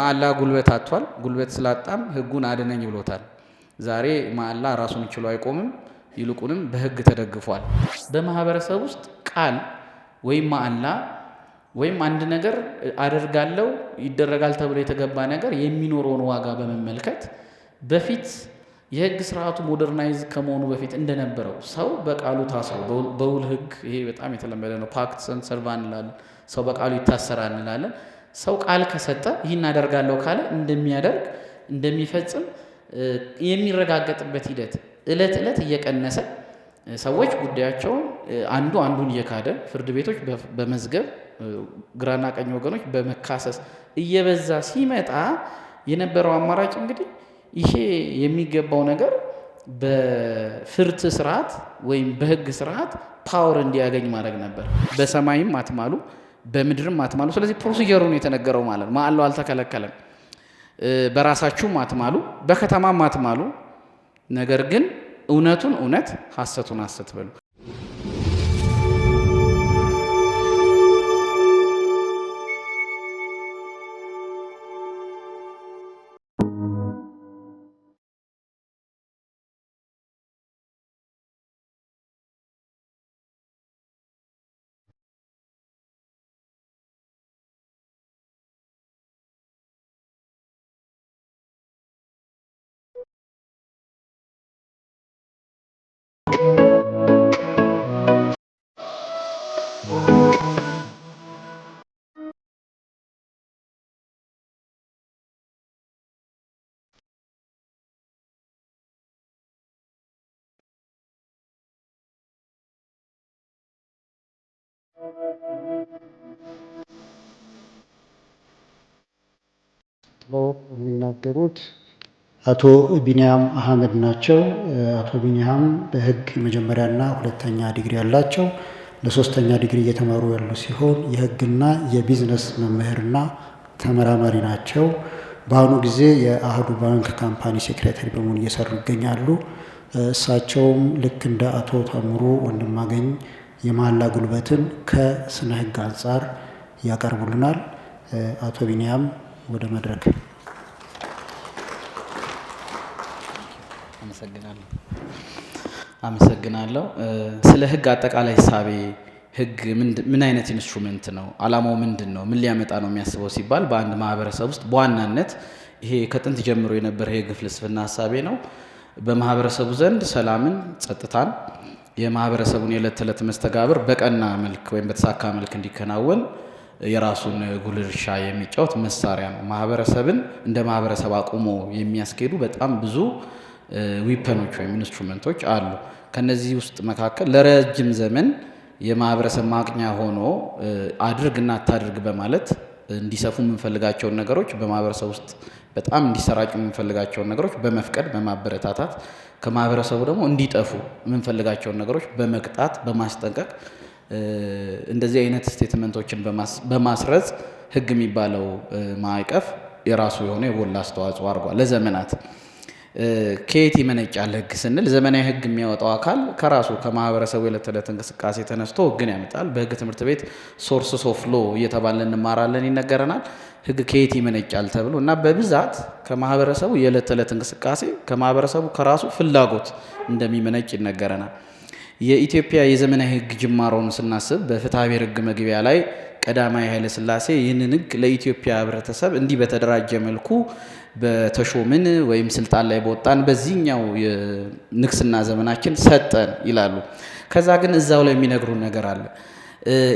ማአላህ ጉልበት አጥቷል። ጉልበት ስላጣም ህጉን አድነኝ ብሎታል። ዛሬ ማአላህ ራሱን ችሎ አይቆምም፣ ይልቁንም በህግ ተደግፏል። በማህበረሰብ ውስጥ ቃል ወይም ማአላህ ወይም አንድ ነገር አደርጋለው ይደረጋል ተብሎ የተገባ ነገር የሚኖረውን ዋጋ በመመልከት በፊት የህግ ስርዓቱ ሞደርናይዝ ከመሆኑ በፊት እንደነበረው ሰው በቃሉ ታስሮ በውል ህግ፣ ይሄ በጣም የተለመደ ነው። ፓክት ሰን ሰርቫ እንላለን። ሰው በቃሉ ይታሰራል እንላለን። ሰው ቃል ከሰጠ ይህን አደርጋለሁ ካለ እንደሚያደርግ እንደሚፈጽም የሚረጋገጥበት ሂደት እለት እለት እየቀነሰ ሰዎች ጉዳያቸውን አንዱ አንዱን እየካደ ፍርድ ቤቶች በመዝገብ ግራና ቀኝ ወገኖች በመካሰስ እየበዛ ሲመጣ የነበረው አማራጭ እንግዲህ ይሄ የሚገባው ነገር በፍርት ስርዓት ወይም በህግ ስርዓት ፓወር እንዲያገኝ ማድረግ ነበር። በሰማይም አትማሉ በምድርም አትማሉ። ስለዚህ ነው የተነገረው ማለት ነው። ማዕላው አልተከለከለም። በራሳችሁም አትማሉ፣ በከተማም አትማሉ። ነገር ግን እውነቱን እውነት ሐሰቱን ሐሰት በሉ። የሚናገሩት አቶ ቢኒያም አህመድ ናቸው። አቶ ቢንያም በህግ የመጀመሪያና ሁለተኛ ዲግሪ ያላቸው ለሶስተኛ ዲግሪ እየተማሩ ያሉ ሲሆን የህግና የቢዝነስ መምህርና ተመራማሪ ናቸው። በአሁኑ ጊዜ የአህዱ ባንክ ካምፓኒ ሴክሬታሪ በመሆን እየሰሩ ይገኛሉ። እሳቸውም ልክ እንደ አቶ ታምሩ ወንድማገኝ የመሐላ ጉልበትን ከስነ ህግ አንጻር ያቀርቡልናል። አቶ ቢንያም ወደ መድረክ። አመሰግናለሁ። አመሰግናለሁ። ስለ ህግ አጠቃላይ ሳቤ ህግ ምን አይነት ኢንስትሩመንት ነው? አላማው ምንድን ነው? ምን ሊያመጣ ነው የሚያስበው ሲባል በአንድ ማህበረሰብ ውስጥ በዋናነት ይሄ ከጥንት ጀምሮ የነበረ የህግ ፍልስፍና ሀሳቤ ነው። በማህበረሰቡ ዘንድ ሰላምን፣ ጸጥታን የማህበረሰቡን የዕለት ተዕለት መስተጋብር በቀና መልክ ወይም በተሳካ መልክ እንዲከናወን የራሱን ጉልርሻ የሚጫወት መሳሪያ ነው። ማህበረሰብን እንደ ማህበረሰብ አቁሞ የሚያስኬዱ በጣም ብዙ ዊፐኖች ወይም ኢንስትሩመንቶች አሉ። ከነዚህ ውስጥ መካከል ለረጅም ዘመን የማህበረሰብ ማቅኛ ሆኖ አድርግ እና አታድርግ በማለት እንዲሰፉ የምንፈልጋቸውን ነገሮች በማህበረሰብ ውስጥ በጣም እንዲሰራጩ የምንፈልጋቸውን ነገሮች በመፍቀድ በማበረታታት ከማህበረሰቡ ደግሞ እንዲጠፉ የምንፈልጋቸውን ነገሮች በመቅጣት በማስጠንቀቅ እንደዚህ አይነት ስቴትመንቶችን በማስረጽ ህግ የሚባለው ማዕቀፍ የራሱ የሆነ የጎላ አስተዋጽኦ አድርጓል ለዘመናት። ከየት ይመነጫል ህግ ስንል ዘመናዊ ህግ የሚያወጣው አካል ከራሱ ከማህበረሰቡ የዕለት ተዕለት እንቅስቃሴ ተነስቶ ህግን ያመጣል። በህግ ትምህርት ቤት ሶርስ ኦፍ ሎ እየተባለ እንማራለን፣ ይነገረናል። ህግ ከየት ይመነጫል ተብሎ እና በብዛት ከማህበረሰቡ የዕለት ተዕለት እንቅስቃሴ ከማህበረሰቡ ከራሱ ፍላጎት እንደሚመነጭ ይነገረናል። የኢትዮጵያ የዘመናዊ ህግ ጅማሮውን ስናስብ በፍትሐ ህግ መግቢያ ላይ ቀዳማዊ ኃይለ ስላሴ ይህንን ህግ ለኢትዮጵያ ህብረተሰብ እንዲህ በተደራጀ መልኩ በተሾምን ወይም ስልጣን ላይ በወጣን በዚህኛው ንግስና ዘመናችን ሰጠን ይላሉ። ከዛ ግን እዛው ላይ የሚነግሩን ነገር አለ።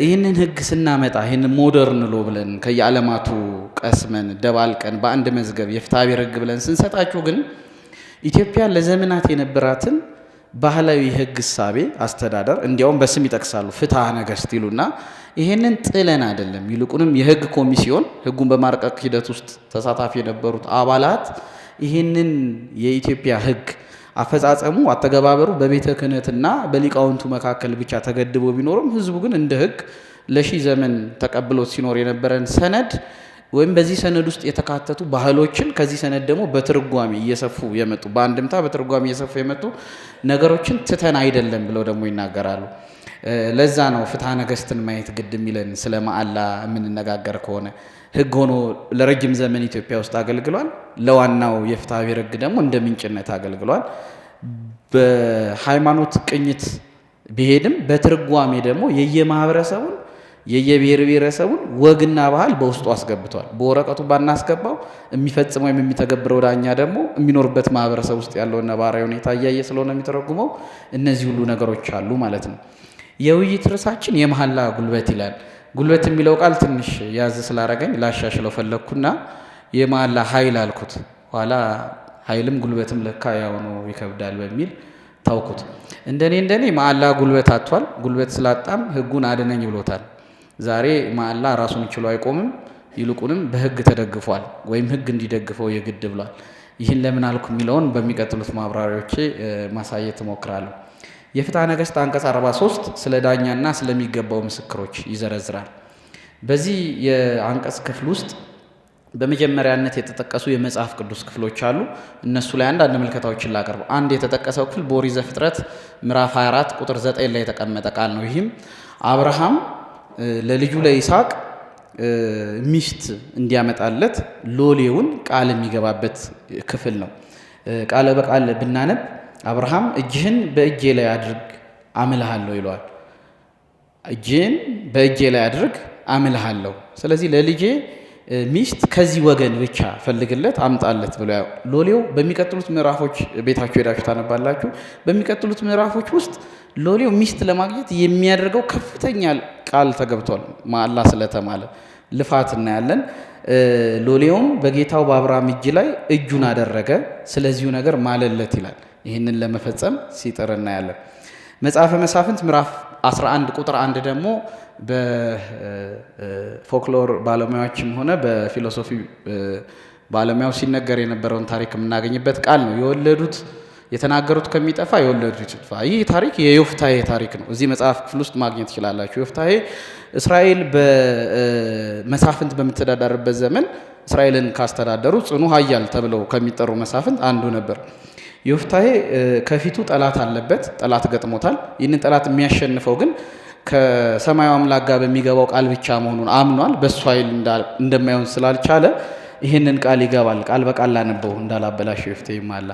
ይህንን ህግ ስናመጣ ይህን ሞደርን ሎ ብለን ከየዓለማቱ ቀስመን ደባልቀን በአንድ መዝገብ የፍትሐብሔር ህግ ብለን ስንሰጣችሁ ግን ኢትዮጵያ ለዘመናት የነበራትን ባህላዊ ህግ እሳቤ አስተዳደር እንዲያውም በስም ይጠቅሳሉ ፍትሐ ነገሥት ይሉና ይሄንን ጥለን አይደለም። ይልቁንም የህግ ኮሚሲዮን ህጉን በማርቀቅ ሂደት ውስጥ ተሳታፊ የነበሩት አባላት ይህንን የኢትዮጵያ ህግ አፈጻጸሙ፣ አተገባበሩ በቤተ ክህነትና በሊቃውንቱ መካከል ብቻ ተገድቦ ቢኖርም ህዝቡ ግን እንደ ህግ ለሺ ዘመን ተቀብሎት ሲኖር የነበረን ሰነድ ወይም በዚህ ሰነድ ውስጥ የተካተቱ ባህሎችን ከዚህ ሰነድ ደግሞ በትርጓሜ እየሰፉ የመጡ በአንድምታ በትርጓሜ እየሰፉ የመጡ ነገሮችን ትተን አይደለም ብለው ደግሞ ይናገራሉ። ለዛ ነው ፍትሐ ነገሥትን ማየት ግድ የሚለን ስለ መዓላ የምንነጋገር ከሆነ ህግ ሆኖ ለረጅም ዘመን ኢትዮጵያ ውስጥ አገልግሏል። ለዋናው የፍትሐ ብሔር ህግ ደግሞ እንደ ምንጭነት አገልግሏል። በሃይማኖት ቅኝት ቢሄድም በትርጓሜ ደግሞ የየማህበረሰቡን የየብሔር ብሔረሰቡን ወግና ባህል በውስጡ አስገብቷል። በወረቀቱ ባናስገባው የሚፈጽመው ወይም የሚተገብረው ዳኛ ደግሞ የሚኖርበት ማህበረሰብ ውስጥ ያለውን ነባራዊ ሁኔታ እያየ ስለሆነ የሚተረጉመው እነዚህ ሁሉ ነገሮች አሉ ማለት ነው። የውይይት ርዕሳችን የመሐላ ጉልበት ይላል። ጉልበት የሚለው ቃል ትንሽ ያዝ ስላረገኝ ላሻሽለው ፈለግኩና የመሐላ ኃይል አልኩት። ኋላ ኃይልም ጉልበትም ለካ ያው ነው ይከብዳል በሚል ታውኩት። እንደኔ እንደኔ መሐላ ጉልበት አጥቷል። ጉልበት ስላጣም ህጉን አድነኝ ብሎታል። ዛሬ ማላ ራሱን ችሎ አይቆምም። ይልቁንም በህግ ተደግፏል ወይም ህግ እንዲደግፈው የግድ ብሏል። ይህን ለምን አልኩ የሚለውን በሚቀጥሉት ማብራሪያዎቼ ማሳየት እሞክራለሁ። የፍትሐ ነገሥት አንቀጽ 43 ስለ ዳኛና ስለሚገባው ምስክሮች ይዘረዝራል። በዚህ የአንቀጽ ክፍል ውስጥ በመጀመሪያነት የተጠቀሱ የመጽሐፍ ቅዱስ ክፍሎች አሉ። እነሱ ላይ አንዳንድ ምልከታዎችን ላቀርብ። አንድ የተጠቀሰው ክፍል በኦሪት ዘፍጥረት ምዕራፍ 24 ቁጥር 9 ላይ የተቀመጠ ቃል ነው። ይህም አብርሃም ለልጁ ለይስሐቅ ሚስት እንዲያመጣለት ሎሌውን ቃል የሚገባበት ክፍል ነው። ቃለ በቃል ብናነብ አብርሃም እጅህን በእጄ ላይ አድርግ አምልሃለሁ ይለዋል። እጅህን በእጄ ላይ አድርግ አምልሃለሁ። ስለዚህ ለልጄ ሚስት ከዚህ ወገን ብቻ ፈልግለት አምጣለት ብሎ ሎሌው በሚቀጥሉት ምዕራፎች ቤታችሁ ሄዳችሁ ታነባላችሁ። በሚቀጥሉት ምዕራፎች ውስጥ ሎሌው ሚስት ለማግኘት የሚያደርገው ከፍተኛ ቃል ተገብቷል። ማላ ስለተማለ ልፋት እናያለን። ሎሌውም በጌታው በአብርሃም እጅ ላይ እጁን አደረገ፣ ስለዚሁ ነገር ማለለት ይላል። ይህንን ለመፈጸም ሲጥር እናያለን። መጽሐፈ መሳፍንት ምዕራፍ 11 ቁጥር አንድ ደግሞ በፎክሎር ባለሙያዎችም ሆነ በፊሎሶፊ ባለሙያው ሲነገር የነበረውን ታሪክ የምናገኝበት ቃል ነው። የወለዱት የተናገሩት ከሚጠፋ የወለዱት ይጥፋ። ይህ ታሪክ የዮፍታሄ ታሪክ ነው። እዚህ መጽሐፍ ክፍል ውስጥ ማግኘት ትችላላችሁ። ዮፍታሄ እስራኤል በመሳፍንት በምትተዳደርበት ዘመን እስራኤልን ካስተዳደሩ ጽኑ ኃያል ተብለው ከሚጠሩ መሳፍንት አንዱ ነበር። ዮፍታሄ ከፊቱ ጠላት አለበት፣ ጠላት ገጥሞታል። ይህንን ጠላት የሚያሸንፈው ግን ከሰማዩ አምላክ ጋር በሚገባው ቃል ብቻ መሆኑን አምኗል። በእሱ ኃይል እንደማይሆን ስላልቻለ ይህንን ቃል ይገባል። ቃል በቃል ላነበው እንዳላበላሽ ፍት ይማላ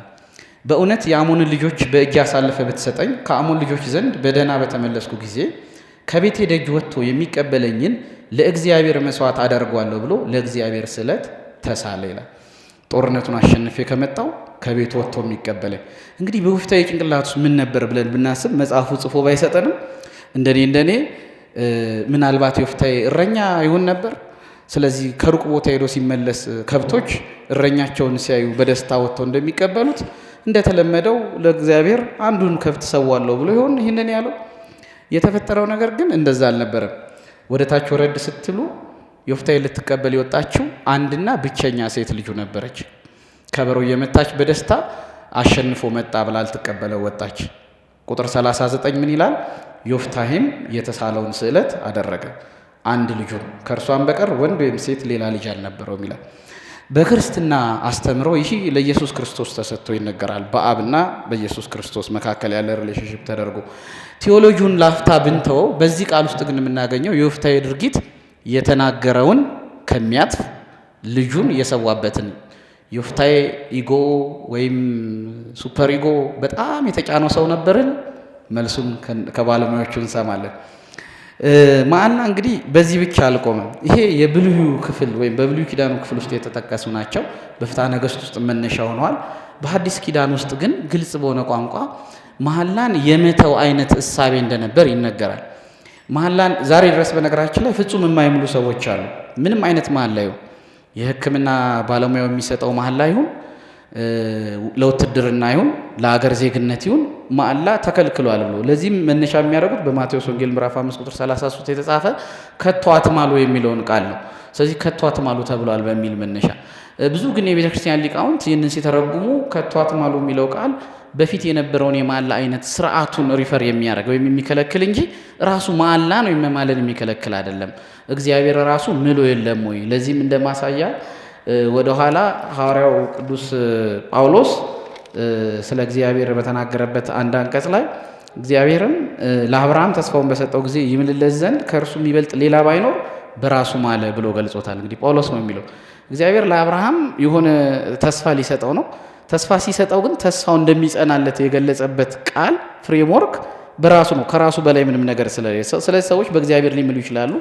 በእውነት የአሞንን ልጆች በእጅ አሳልፈ ብትሰጠኝ ከአሞን ልጆች ዘንድ በደህና በተመለስኩ ጊዜ ከቤቴ ደጅ ወጥቶ የሚቀበለኝን ለእግዚአብሔር መስዋዕት አደርጓለሁ ብሎ ለእግዚአብሔር ስለት ተሳለ ይላል። ጦርነቱን አሸንፌ ከመጣው ከቤት ወጥቶ የሚቀበለኝ እንግዲህ በውፍታዊ ጭንቅላት ምን ነበር ብለን ብናስብ መጽሐፉ ጽፎ ባይሰጠንም እንደኔ እንደኔ ምናልባት ዮፍታሔ እረኛ ይሆን ነበር። ስለዚህ ከሩቅ ቦታ ሄዶ ሲመለስ ከብቶች እረኛቸውን ሲያዩ በደስታ ወጥተው እንደሚቀበሉት እንደተለመደው ለእግዚአብሔር አንዱን ከብት ሰዋለሁ ብሎ ይሆን ይህንን ያለው። የተፈጠረው ነገር ግን እንደዛ አልነበረም። ወደ ታች ወረድ ስትሉ ዮፍታሔ ልትቀበል የወጣችው አንድና ብቸኛ ሴት ልጁ ነበረች። ከበሮ እየመታች በደስታ አሸንፎ መጣ ብላ ልትቀበለው ወጣች። ቁጥር 39 ምን ይላል? ዮፍታሄም የተሳለውን ስዕለት አደረገ። አንድ ልጁን ከእርሷን በቀር ወንድ ወይም ሴት ሌላ ልጅ አልነበረውም ይላል። በክርስትና አስተምሮ ይህ ለኢየሱስ ክርስቶስ ተሰጥቶ ይነገራል። በአብና በኢየሱስ ክርስቶስ መካከል ያለ ሪሌሽንሽፕ ተደርጎ ቴዎሎጂውን ላፍታ ብንተወው፣ በዚህ ቃል ውስጥ ግን የምናገኘው የዮፍታሄ ድርጊት የተናገረውን ከሚያጥፍ ልጁን የሰዋበትን ዮፍታሄ ኢጎ ወይም ሱፐር ኢጎ በጣም የተጫነው ሰው ነበርን። መልሱን ከባለሙያዎቹ እንሰማለን። መዓና እንግዲህ በዚህ ብቻ አልቆመም። ይሄ የብሉዩ ክፍል ወይም በብሉይ ኪዳኑ ክፍል ውስጥ የተጠቀሱ ናቸው። በፍትሐ ነገሥት ውስጥ መነሻ ሆነዋል። በሐዲስ ኪዳን ውስጥ ግን ግልጽ በሆነ ቋንቋ መሐላን የመተው አይነት እሳቤ እንደነበር ይነገራል። መሐላን ዛሬ ድረስ በነገራችን ላይ ፍጹም የማይምሉ ሰዎች አሉ። ምንም አይነት መሐላ ይሁን የሕክምና ባለሙያው የሚሰጠው መሐላ ይሁን ለውትድርና ይሁን ለሀገር ዜግነት ይሁን ማዕላ ተከልክሏል ብሎ ለዚህም መነሻ የሚያደርጉት በማቴዎስ ወንጌል ምዕራፍ 5 ቁጥር 33 የተጻፈ ከቶ አትማሉ የሚለውን ቃል ነው። ስለዚህ ከቶ አትማሉ ተብሏል በሚል መነሻ ብዙ ግን የቤተ ክርስቲያን ሊቃውንት ይህንን ሲተረጉሙ ከቶ አትማሉ የሚለው ቃል በፊት የነበረውን የማላ አይነት ስርዓቱን ሪፈር የሚያደርግ ወይም የሚከለክል እንጂ ራሱ ማዕላ ነው መማለን የሚከለክል አይደለም። እግዚአብሔር ራሱ ምሎ የለም ወይ? ለዚህም እንደ ማሳያ ወደኋላ ሐዋርያው ቅዱስ ጳውሎስ ስለ እግዚአብሔር በተናገረበት አንድ አንቀጽ ላይ እግዚአብሔርም ለአብርሃም ተስፋውን በሰጠው ጊዜ ይምልለት ዘንድ ከእርሱ የሚበልጥ ሌላ ባይኖር በራሱ ማለ ብሎ ገልጾታል። እንግዲህ ጳውሎስ ነው የሚለው። እግዚአብሔር ለአብርሃም የሆነ ተስፋ ሊሰጠው ነው። ተስፋ ሲሰጠው ግን ተስፋው እንደሚጸናለት የገለጸበት ቃል ፍሬምወርክ በራሱ ነው። ከራሱ በላይ ምንም ነገር ስለሌለ ስለዚህ ሰዎች በእግዚአብሔር ሊምሉ ይችላሉ።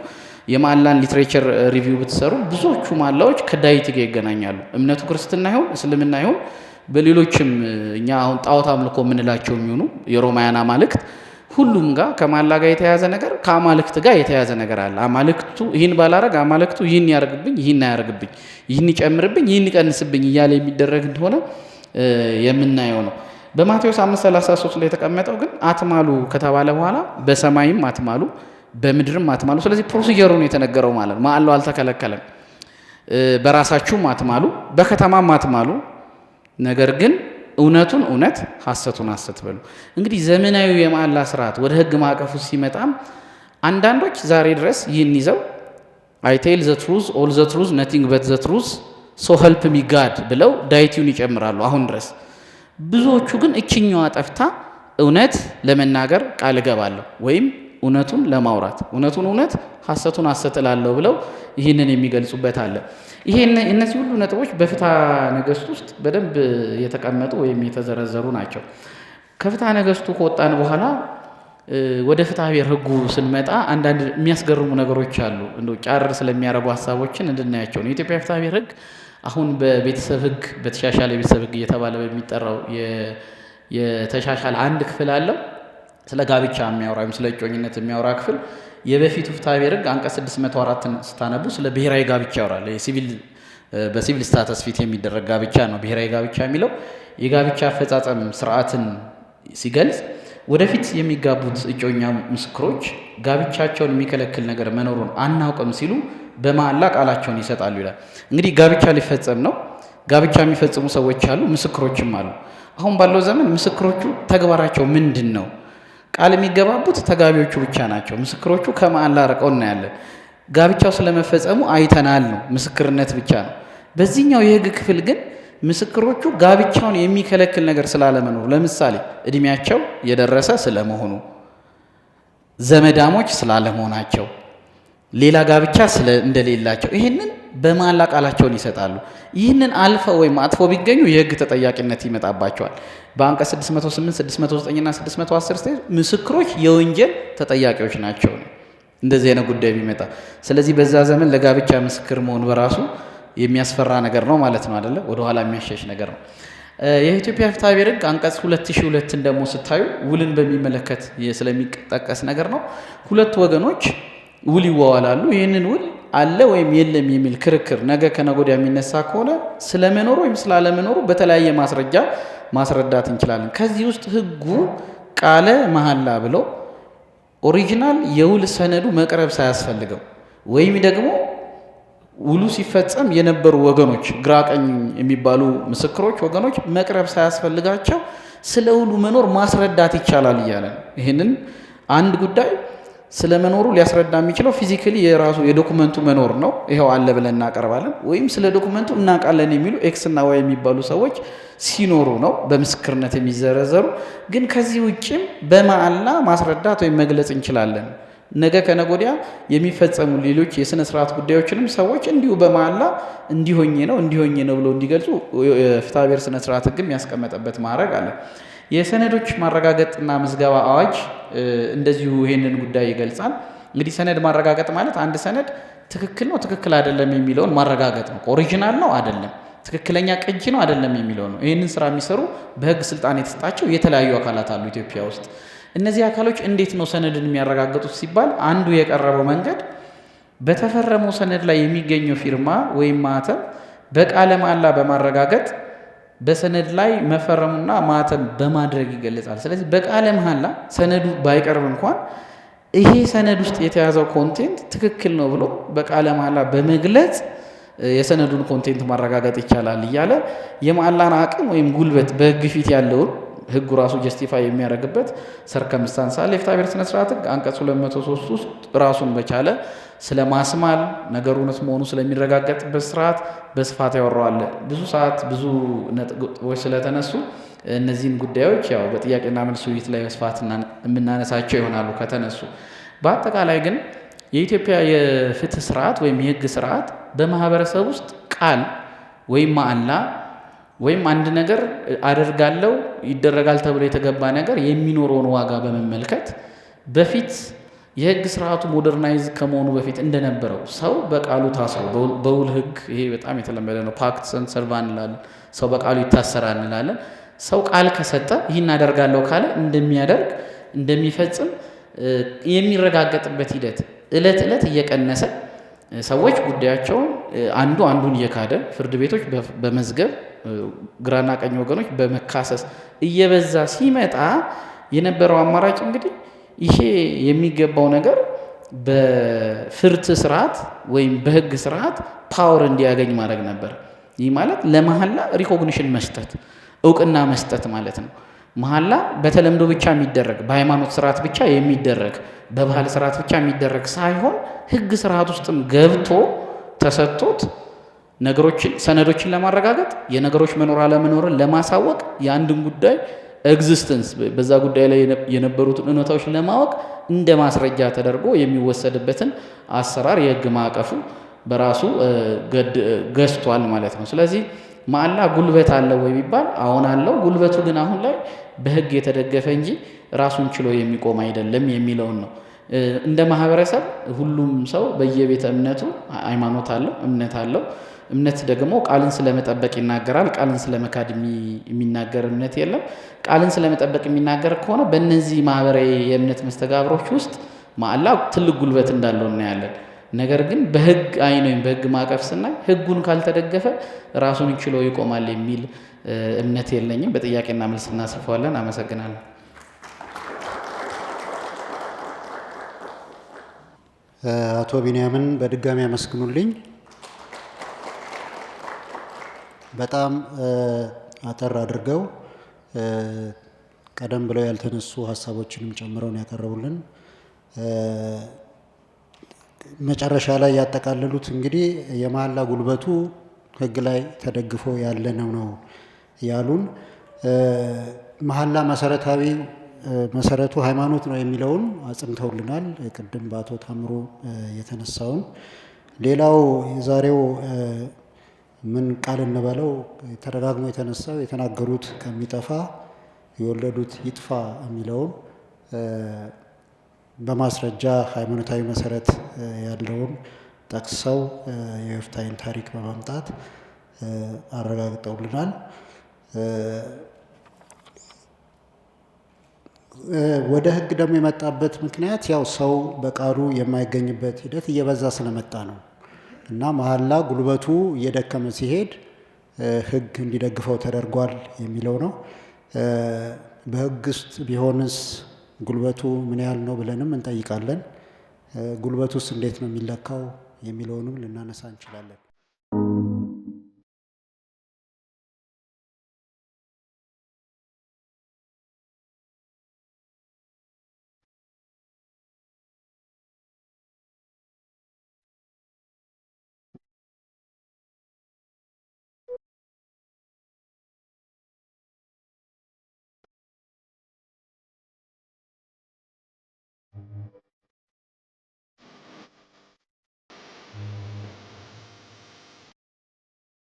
የማላን ሊትሬቸር ሪቪው ብትሰሩ ብዙዎቹ ማላዎች ከዳዊት ጋር ይገናኛሉ። እምነቱ ክርስትና ይሁን እስልምና ይሁን በሌሎችም እኛ አሁን ጣዖት አምልኮ የምንላቸው የሚሆኑ የሮማያን አማልክት ሁሉም ጋር ከማላ ጋር የተያዘ ነገር ከአማልክት ጋር የተያዘ ነገር አለ። አማልክቱ ይህን ባላረግ አማልክቱ ይህን ያደርግብኝ፣ ይህን አያደርግብኝ፣ ይህን ይጨምርብኝ፣ ይህን ይቀንስብኝ እያለ የሚደረግ እንደሆነ የምናየው ነው። በማቴዎስ 5፥33 ላይ የተቀመጠው ግን አትማሉ ከተባለ በኋላ በሰማይም አትማሉ በምድርም አትማሉ። ስለዚህ ነው የተነገረው ማለት ነው። ማዕላው አልተከለከለም። በራሳችሁም አትማሉ፣ በከተማም አትማሉ። ነገር ግን እውነቱን እውነት ሐሰቱን ሐሰት በሉ። እንግዲህ ዘመናዊ የማላ ስርዓት ወደ ህግ ማዕቀፉ ሲመጣም አንዳንዶች ዛሬ ድረስ ይህን ይዘው አይ ቴል ዘ ትሩዝ ኦል ዘ ትሩዝ ነቲንግ በት ዘ ትሩዝ ሶ ሄልፕ ሚ ጋድ ብለው ዳይቲውን ይጨምራሉ አሁን ድረስ። ብዙዎቹ ግን እችኛዋ ጠፍታ እውነት ለመናገር ቃል እገባለሁ ወይም እውነቱን ለማውራት እውነቱን እውነት ሐሰቱን ሐሰት እላለሁ ብለው ይህንን የሚገልጹበት አለ። ይሄ እነዚህ ሁሉ ነጥቦች በፍትሐ ነገሥት ውስጥ በደንብ የተቀመጡ ወይም የተዘረዘሩ ናቸው። ከፍትሐ ነገሥቱ ከወጣን በኋላ ወደ ፍትሐ ብሔር ሕጉ ስንመጣ አንዳንድ የሚያስገርሙ ነገሮች አሉ። እንደ ጫር ስለሚያረቡ ሀሳቦችን እንድናያቸው ነው። የኢትዮጵያ ፍትሐ ብሔር ሕግ አሁን በቤተሰብ ሕግ በተሻሻለ የቤተሰብ ሕግ እየተባለ በሚጠራው የተሻሻለ አንድ ክፍል አለው ስለ ጋብቻ የሚያወራ ወይም ስለ እጮኝነት የሚያወራ ክፍል የበፊቱ ፍትሐ ብሔር ሕግ አንቀጽ 604 ስታነቡ ስለ ብሔራዊ ጋብቻ ያወራል። የሲቪል በሲቪል ስታተስ ፊት የሚደረግ ጋብቻ ነው ብሔራዊ ጋብቻ የሚለው። የጋብቻ አፈጻጸም ስርዓትን ሲገልጽ ወደፊት የሚጋቡት እጮኛ ምስክሮች ጋብቻቸውን የሚከለክል ነገር መኖሩን አናውቅም ሲሉ በመሐላ ቃላቸውን ይሰጣሉ ይላል። እንግዲህ ጋብቻ ሊፈጸም ነው። ጋብቻ የሚፈጽሙ ሰዎች አሉ፣ ምስክሮችም አሉ። አሁን ባለው ዘመን ምስክሮቹ ተግባራቸው ምንድን ነው? ቃል የሚገባቡት ተጋቢዎቹ ብቻ ናቸው። ምስክሮቹ ከመዓላ ርቀው እናያለን። ጋብቻው ስለመፈጸሙ አይተናል ነው፣ ምስክርነት ብቻ ነው። በዚህኛው የህግ ክፍል ግን ምስክሮቹ ጋብቻውን የሚከለክል ነገር ስላለመኖሩ፣ ለምሳሌ እድሜያቸው የደረሰ ስለመሆኑ፣ ዘመዳሞች ስላለመሆናቸው፣ ሌላ ጋብቻ እንደሌላቸው ይህንን በመሐላ ቃላቸውን ይሰጣሉ። ይህንን አልፈው ወይም አጥፎ ቢገኙ የህግ ተጠያቂነት ይመጣባቸዋል። በአንቀጽ 608፣ 609ና 610 ምስክሮች የወንጀል ተጠያቂዎች ናቸው። እንደዚህ አይነት ጉዳይ የሚመጣ ስለዚህ በዛ ዘመን ለጋብቻ ምስክር መሆን በራሱ የሚያስፈራ ነገር ነው ማለት ነው አደለ? ወደኋላ የሚያሻሽ ነገር ነው። የኢትዮጵያ ፍትሐ ብሔር ህግ አንቀጽ 2002ን ደግሞ ስታዩ ውልን በሚመለከት ስለሚጠቀስ ነገር ነው። ሁለት ወገኖች ውል ይዋዋላሉ። ይህንን ውል አለ ወይም የለም የሚል ክርክር ነገ ከነጎዳ የሚነሳ ከሆነ ስለመኖሩ ወይም ስላለመኖሩ በተለያየ ማስረጃ ማስረዳት እንችላለን። ከዚህ ውስጥ ህጉ ቃለ መሐላ ብለው ኦሪጂናል የውል ሰነዱ መቅረብ ሳያስፈልገው ወይም ደግሞ ውሉ ሲፈጸም የነበሩ ወገኖች ግራ ቀኝ የሚባሉ ምስክሮች ወገኖች መቅረብ ሳያስፈልጋቸው ስለ ውሉ መኖር ማስረዳት ይቻላል እያለ ይህንን አንድ ጉዳይ ስለመኖሩ ሊያስረዳ የሚችለው ፊዚካሊ የራሱ የዶኩመንቱ መኖር ነው። ይኸው አለ ብለን እናቀርባለን። ወይም ስለ ዶኩመንቱ እናውቃለን የሚሉ ኤክስ እና ዋይ የሚባሉ ሰዎች ሲኖሩ ነው በምስክርነት የሚዘረዘሩ። ግን ከዚህ ውጭም በማዕላ ማስረዳት ወይም መግለጽ እንችላለን። ነገ ከነጎዲያ የሚፈጸሙ ሌሎች የሥነ ስርዓት ጉዳዮችንም ሰዎች እንዲሁ በማላ እንዲሆኜ ነው እንዲሆኜ ነው ብሎ እንዲገልጹ ፍትሐብሔር ስነ ስርዓት ሕግም ያስቀመጠበት ማዕረግ አለ። የሰነዶች ማረጋገጥና ምዝገባ አዋጅ እንደዚሁ ይሄንን ጉዳይ ይገልጻል። እንግዲህ ሰነድ ማረጋገጥ ማለት አንድ ሰነድ ትክክል ነው ትክክል አይደለም የሚለውን ማረጋገጥ ነው። ኦሪጂናል ነው አይደለም፣ ትክክለኛ ቅጂ ነው አይደለም የሚለው ነው። ይህንን ስራ የሚሰሩ በህግ ስልጣን የተሰጣቸው የተለያዩ አካላት አሉ ኢትዮጵያ ውስጥ። እነዚህ አካሎች እንዴት ነው ሰነድን የሚያረጋግጡት ሲባል አንዱ የቀረበው መንገድ በተፈረመው ሰነድ ላይ የሚገኘው ፊርማ ወይም ማተም በቃለ መሃላ በማረጋገጥ በሰነድ ላይ መፈረሙና ማተም በማድረግ ይገለጻል። ስለዚህ በቃለ መሐላ ሰነዱ ባይቀርብ እንኳን ይሄ ሰነድ ውስጥ የተያዘው ኮንቴንት ትክክል ነው ብሎ በቃለ መሐላ በመግለጽ የሰነዱን ኮንቴንት ማረጋገጥ ይቻላል እያለ የመሐላን አቅም ወይም ጉልበት በሕግ ፊት ያለውን ህጉ ራሱ ጀስቲፋይ የሚያደርግበት ሰርከምስታንስ አለ። የፍትሐብሔር ስነ ስርዓት ህግ አንቀጽ 203 ውስጥ ራሱን በቻለ ስለ ማስማል ነገር እውነት መሆኑ ስለሚረጋገጥበት ስርዓት በስፋት ያወራዋል። ብዙ ሰዓት ብዙ ነጥቦች ስለተነሱ እነዚህን ጉዳዮች ያው በጥያቄና መልስ ውይይት ላይ በስፋት የምናነሳቸው ይሆናሉ ከተነሱ። በአጠቃላይ ግን የኢትዮጵያ የፍትህ ስርዓት ወይም የህግ ስርዓት በማህበረሰብ ውስጥ ቃል ወይም ማዕላ ወይም አንድ ነገር አደርጋለው ይደረጋል ተብሎ የተገባ ነገር የሚኖረውን ዋጋ በመመልከት በፊት የህግ ስርዓቱ ሞደርናይዝ ከመሆኑ በፊት እንደነበረው ሰው በቃሉ ታስሮ በውል ህግ፣ ይሄ በጣም የተለመደ ነው። ፓክት ሰንት ሰርቫ እንላለን። ሰው በቃሉ ይታሰራል እንላለን። ሰው ቃል ከሰጠ ይህን አደርጋለሁ ካለ እንደሚያደርግ እንደሚፈጽም የሚረጋገጥበት ሂደት እለት እለት እየቀነሰ ሰዎች ጉዳያቸውን አንዱ አንዱን እየካደ ፍርድ ቤቶች በመዝገብ ግራና ቀኝ ወገኖች በመካሰስ እየበዛ ሲመጣ የነበረው አማራጭ እንግዲህ ይሄ የሚገባው ነገር በፍርት ስርዓት ወይም በህግ ስርዓት ፓወር እንዲያገኝ ማድረግ ነበር። ይህ ማለት ለመሐላ ሪኮግኒሽን መስጠት እውቅና መስጠት ማለት ነው። መሐላ በተለምዶ ብቻ የሚደረግ በሃይማኖት ስርዓት ብቻ የሚደረግ በባህል ስርዓት ብቻ የሚደረግ ሳይሆን ህግ ስርዓት ውስጥም ገብቶ ተሰጥቶት ነገሮችን ሰነዶችን ለማረጋገጥ የነገሮች መኖር አለመኖርን ለማሳወቅ የአንድን ጉዳይ ኤግዚስተንስ በዛ ጉዳይ ላይ የነበሩትን እውነታዎች ለማወቅ እንደ ማስረጃ ተደርጎ የሚወሰድበትን አሰራር የህግ ማዕቀፉ በራሱ ገዝቷል ማለት ነው። ስለዚህ መዓላ ጉልበት አለው ወይ ቢባል አሁን አለው። ጉልበቱ ግን አሁን ላይ በህግ የተደገፈ እንጂ ራሱን ችሎ የሚቆም አይደለም የሚለውን ነው። እንደ ማህበረሰብ ሁሉም ሰው በየቤተ እምነቱ ሃይማኖት አለው፣ እምነት አለው። እምነት ደግሞ ቃልን ስለመጠበቅ ይናገራል። ቃልን ስለመካድ የሚናገር እምነት የለም። ቃልን ስለመጠበቅ የሚናገር ከሆነ በእነዚህ ማህበራዊ የእምነት መስተጋብሮች ውስጥ ማዕላ ትልቅ ጉልበት እንዳለው እናያለን። ነገር ግን በህግ አይን ወይም በህግ ማዕቀፍ ስናይ ህጉን ካልተደገፈ ራሱን ችሎ ይቆማል የሚል እምነት የለኝም። በጥያቄና መልስ እናስፈዋለን። አመሰግናለሁ። አቶ ቢንያምን በድጋሚ ያመስግኑልኝ። በጣም አጠር አድርገው ቀደም ብለው ያልተነሱ ሀሳቦችንም ጨምረውን ያቀረቡልን መጨረሻ ላይ ያጠቃለሉት እንግዲህ የመሀላ ጉልበቱ ህግ ላይ ተደግፎ ያለ ነው ነው ያሉን። መሀላ መሰረታዊ መሰረቱ ሃይማኖት ነው የሚለውን አጽንተውልናል። ቅድም በአቶ ታምሮ የተነሳውን ሌላው የዛሬው ምን ቃል እንበለው ተደጋግሞ የተነሳው የተናገሩት ከሚጠፋ የወለዱት ይጥፋ የሚለውን በማስረጃ ሃይማኖታዊ መሰረት ያለውን ጠቅሰው የዮፍታሔን ታሪክ በማምጣት አረጋግጠውልናል። ወደ ህግ ደግሞ የመጣበት ምክንያት ያው ሰው በቃሉ የማይገኝበት ሂደት እየበዛ ስለመጣ ነው እና መሀላ ጉልበቱ እየደከመ ሲሄድ ህግ እንዲደግፈው ተደርጓል የሚለው ነው። በህግ ውስጥ ቢሆንስ ጉልበቱ ምን ያህል ነው ብለንም እንጠይቃለን። ጉልበቱስ እንዴት ነው የሚለካው የሚለውንም ልናነሳ እንችላለን።